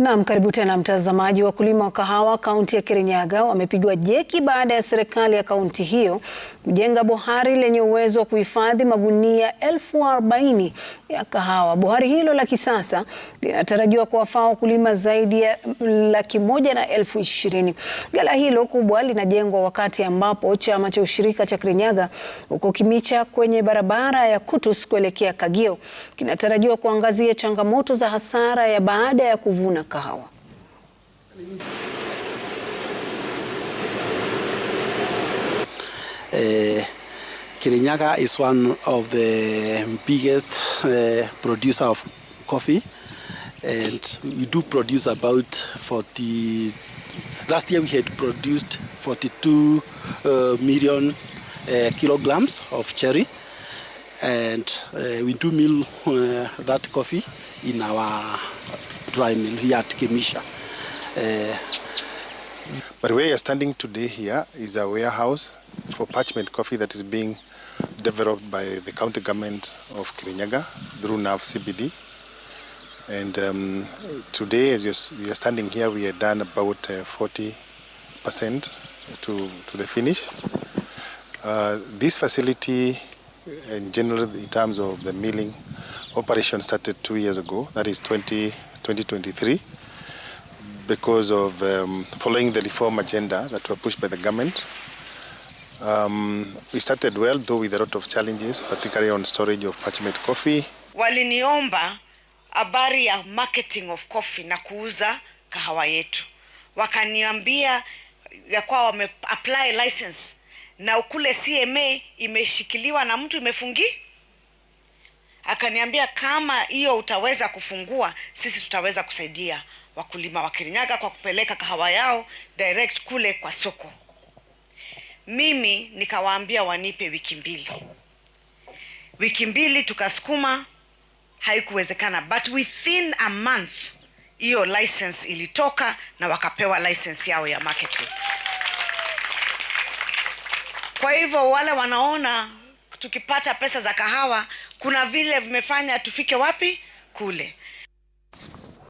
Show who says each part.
Speaker 1: Naam, karibu tena mtazamaji. Wakulima wa kahawa kaunti ya Kirinyaga wamepigwa jeki baada ya serikali ya kaunti hiyo kujenga bohari lenye uwezo wa kuhifadhi magunia elfu arobaini ya kahawa. Bohari hilo la kisasa linatarajiwa kuwafaa wakulima zaidi ya laki moja na elfu ishirini. Ghala hilo kubwa linajengwa wakati ambapo chama cha ushirika cha Kirinyaga huko Kimicha kwenye barabara ya Kutus kuelekea Kagio kinatarajiwa kuangazia changamoto za hasara ya baada ya kuvuna kahawa.
Speaker 2: Uh, Kirinyaga is one of the biggest uh, producer of coffee and we do produce about 40 last year we had produced 42 uh, eh, million uh, kilograms of cherry and uh, we do mill uh, that coffee in our dry mill here at Kimisha. Uh, eh,
Speaker 3: but where you're standing today here is a warehouse for parchment coffee that is being developed by the county government of Kirinyaga through NAV CBD. And um, today, as you're, you're, standing here, we are done about uh, 40% to, to the finish. Uh, this facility, in general, in terms of the milling, operation started two years ago, that is 20, 2023, because of um, following the reform agenda that were pushed by the government. Um, we started well, though with a lot of challenges, particularly on storage of parchment coffee.
Speaker 4: Waliniomba habari ya marketing of coffee na kuuza kahawa yetu, wakaniambia ya kwa wame apply license na kule CMA imeshikiliwa na mtu imefungi akaniambia kama hiyo utaweza kufungua, sisi tutaweza kusaidia wakulima wa Kirinyaga kwa kupeleka kahawa yao direct kule kwa soko. Mimi nikawaambia wanipe wiki mbili, wiki mbili tukasukuma, haikuwezekana, but within a month hiyo license ilitoka na wakapewa license yao ya marketing. Kwa hivyo wale wanaona tukipata pesa za kahawa kuna vile vimefanya tufike wapi kule.